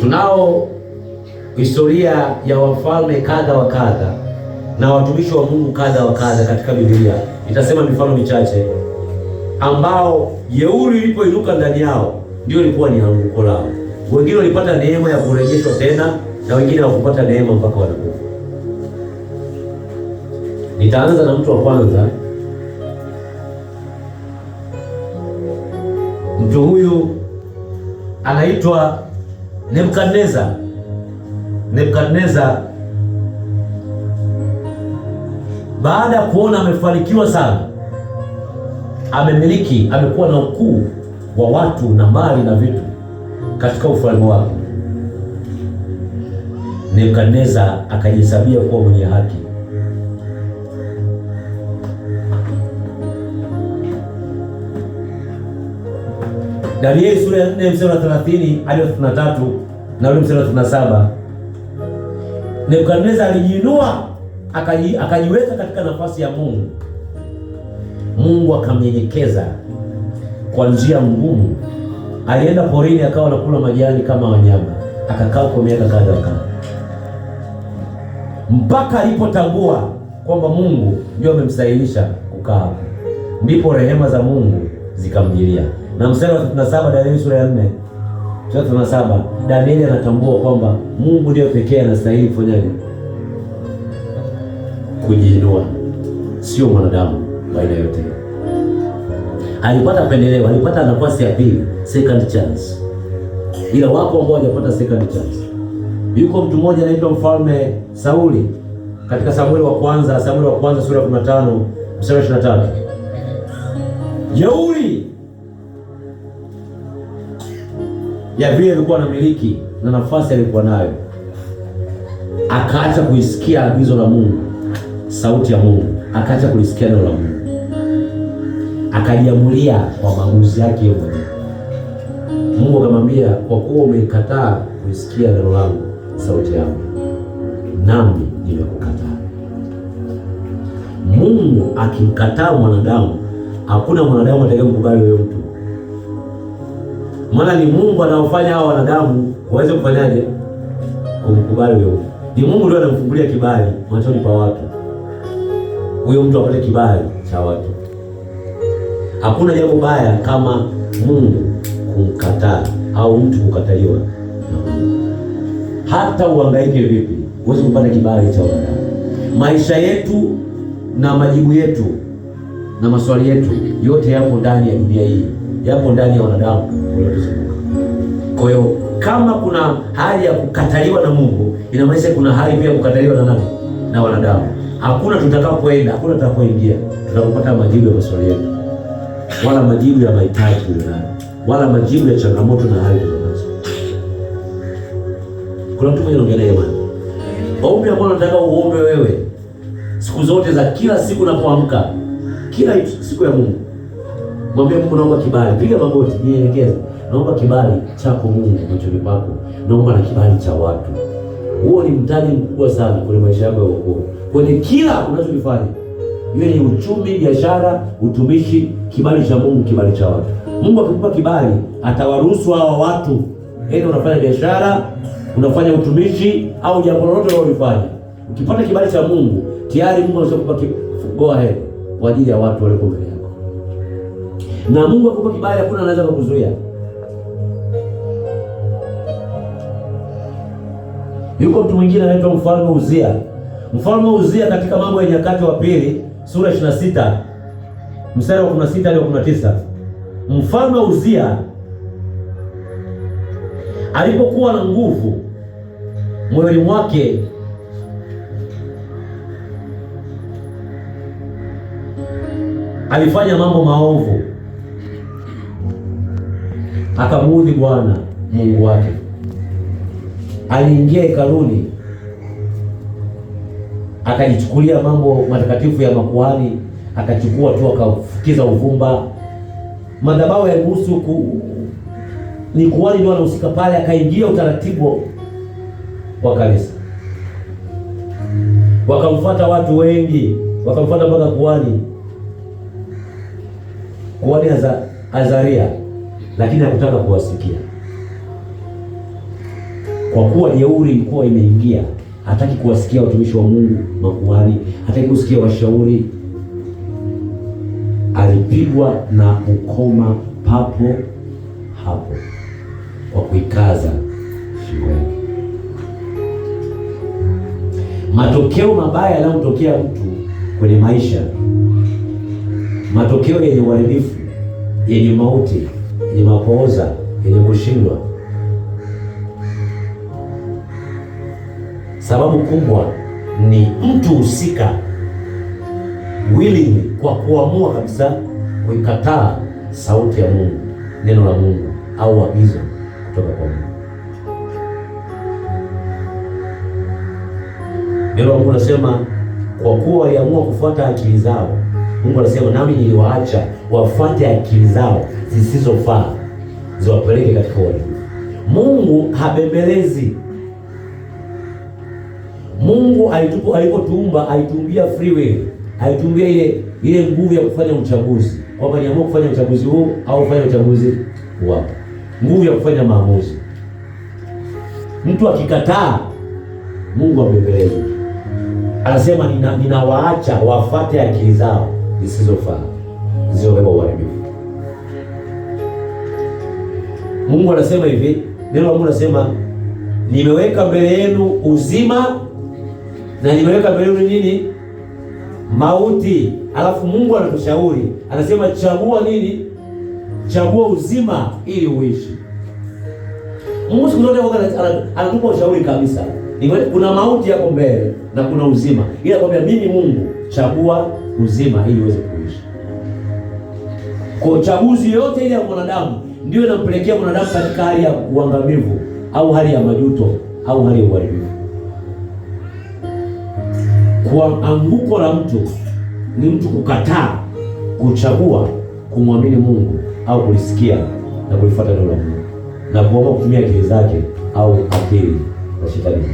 Tunao historia ya wafalme kadha wa kadha na watumishi wa Mungu kadha wa kadha katika Biblia, nitasema mifano michache ambao jeuri ilipoinuka ndani yao ndio ilikuwa ni anguko lao. Wengine walipata neema ya kurejeshwa tena na wengine hawakupata neema mpaka wanakufa. Nitaanza na mtu wa kwanza. Mtu huyu anaitwa Nebukadneza, Nebukadneza baada ya kuona amefanikiwa sana, amemiliki, amekuwa na ukuu wa watu na mali na vitu katika ufalme wake, Nebukadneza akajihesabia kuwa mwenye haki. Danieli sura ya 4 mstari wa 30 hadi 33 na ule mstari wa 37, Nebukadneza alijiinua akajiweka katika nafasi ya Mungu. Mungu akamnyenyekeza kwa njia ngumu. Alienda porini akawa anakula majani kama wanyama, akakaa kwa miaka kadha wa kadha mpaka alipotambua kwamba Mungu ndio amemstahilisha kukaa hapo, ndipo rehema za Mungu zikamjilia. Na mstari wa 37 Danieli sura ya 4 Tatu na saba, Danieli anatambua kwamba Mungu ndiyo pekee anastahili kufanyaje? Kujiinua, sio mwanadamu. Baina yote alipata pendeleo, alipata nafasi ya pili, second chance, ila wako ambao hawajapata second chance. Yuko mtu mmoja anaitwa mfalme Sauli katika Samueli wa kwanza, Samueli wa kwanza sura ya 15 mstari wa 23, jeuri ya vile alikuwa anamiliki na nafasi alikuwa nayo, akaacha kuisikia agizo la Mungu, sauti ya Mungu, akaacha kulisikia neno la Mungu, akajiamulia kwa maamuzi yake yeye mwenyewe. Mungu akamwambia, kwa kuwa umeikataa kuisikia neno langu, sauti yangu, nami nimekukataa. Mungu akimkataa mwanadamu, hakuna mwanadamu atakayemkubali huyo mtu maana ni Mungu anaofanya hao wanadamu waweze kufanyaje? Kumkubali huyo. Ni Mungu ndiye anamfungulia kibali machoni pa watu, huyo mtu apate kibali cha watu. Hakuna jambo baya kama Mungu kumkataa au mtu kukataliwa na Mungu. Hata uhangaike vipi, huwezi kupata kibali cha wanadamu. Maisha yetu na majibu yetu na maswali yetu yote yapo ndani ya dunia hii yapo ndani ya wanadamu waliotuzunguka. Kwa hiyo kama kuna hali ya kukataliwa na Mungu, inamaanisha kuna hali pia ya kukataliwa na nani? Na wanadamu. Hakuna tutakapoenda, hakuna tutakapoingia tutakupata majibu ya maswali yetu, wala majibu ya mahitaji tuliyonayo, wala majibu ya changamoto na hali tulizonazo. Kuna mtu mwenye anaongea naye bwana, ombi nataka uombe wewe siku zote za kila siku unapoamka, kila siku ya Mungu Mwambie Mungu naomba kibali. Piga magoti, nielekeze. Naomba kibali chako Mungu machoni pako. Naomba na kibali cha watu. Huo ni mtaji mkubwa sana kwenye maisha yako ya wokovu. Kwenye kila unachokifanya. Iwe ni uchumi, biashara, utumishi, kibali cha Mungu, kibali cha watu. Mungu akikupa kibali, atawaruhusu hawa watu. Aidha yaani unafanya biashara, unafanya utumishi au jambo lolote unalofanya. Ukipata kibali cha Mungu, tayari Mungu anakupa go ahead kwa ajili ya watu walio mbele na Mungu akupa kibali, hakuna anaweza kukuzuia. Yuko mtu mwingine anaitwa mfalme Uzia. Mfalme Uzia katika Mambo ya Nyakati wa Pili sura 26 mstari wa 16 hadi 19, mfalme Uzia alipokuwa na nguvu moyoni mwake alifanya mambo maovu akamuudhi Bwana Mungu wake. Aliingia hekaluni akajichukulia mambo matakatifu ya makuhani, akachukua tu akafukiza uvumba. Madhabahu hayaruhusu ku, ni kuhani ndio anahusika pale, akaingia utaratibu wa kanisa. Wakamfuata watu wengi, wakamfuata mpaka kuhani kuhani Azaria lakini hakutaka kuwasikia kwa kuwa jeuri ilikuwa imeingia. Hataki kuwasikia watumishi wa Mungu, makuhani, hataki kusikia washauri. Alipigwa na ukoma papo hapo kwa kuikaza shingo yake. Matokeo mabaya yanayotokea mtu kwenye maisha, matokeo yenye uharibifu, yenye mauti ni mapooza, yenye kushindwa. Sababu kubwa ni mtu husika willing kwa kuamua kabisa kuikataa sauti ya Mungu, neno la Mungu au agizo kutoka kwa Mungu. Neno la Mungu nasema, kwa kuwa waliamua kufuata akili zao Mungu anasema nami niliwaacha wafuate akili zao zisizofaa ziwapeleke katika uovu. Mungu habembelezi. Mungu alitupo alipotuumba alituumbia free will, alituumbia ile ile nguvu ya kufanya uchaguzi, kwamba niamua kufanya uchaguzi huu au kufanya uchaguzi wapo, nguvu ya kufanya maamuzi. Mtu akikataa, Mungu ambembelezi, anasema ninawaacha nina wafuate akili zao zisizofaa zisizobeba uharibifu. Mungu anasema hivi, neno la Mungu anasema nimeweka mbele yenu uzima na nimeweka mbele yenu nini? Mauti. Alafu Mungu anakushauri anasema, chagua nini? Chagua uzima ili uishi. Mungu siku zote anatupa ushauri kabisa. Kuna mauti yako mbele na kuna uzima, ila kwambia mimi Mungu chagua uzima ili uweze kuishi. Kwa chaguzi yote ile ya mwanadamu ndio inampelekea mwanadamu katika hali ya uangamivu au hali ya majuto au hali ya uharibifu. Kwa anguko la mtu ni mtu kukataa kuchagua kumwamini Mungu au kulisikia na kulifuata neno la Mungu na kuomba kutumia akili zake au akili za shetani.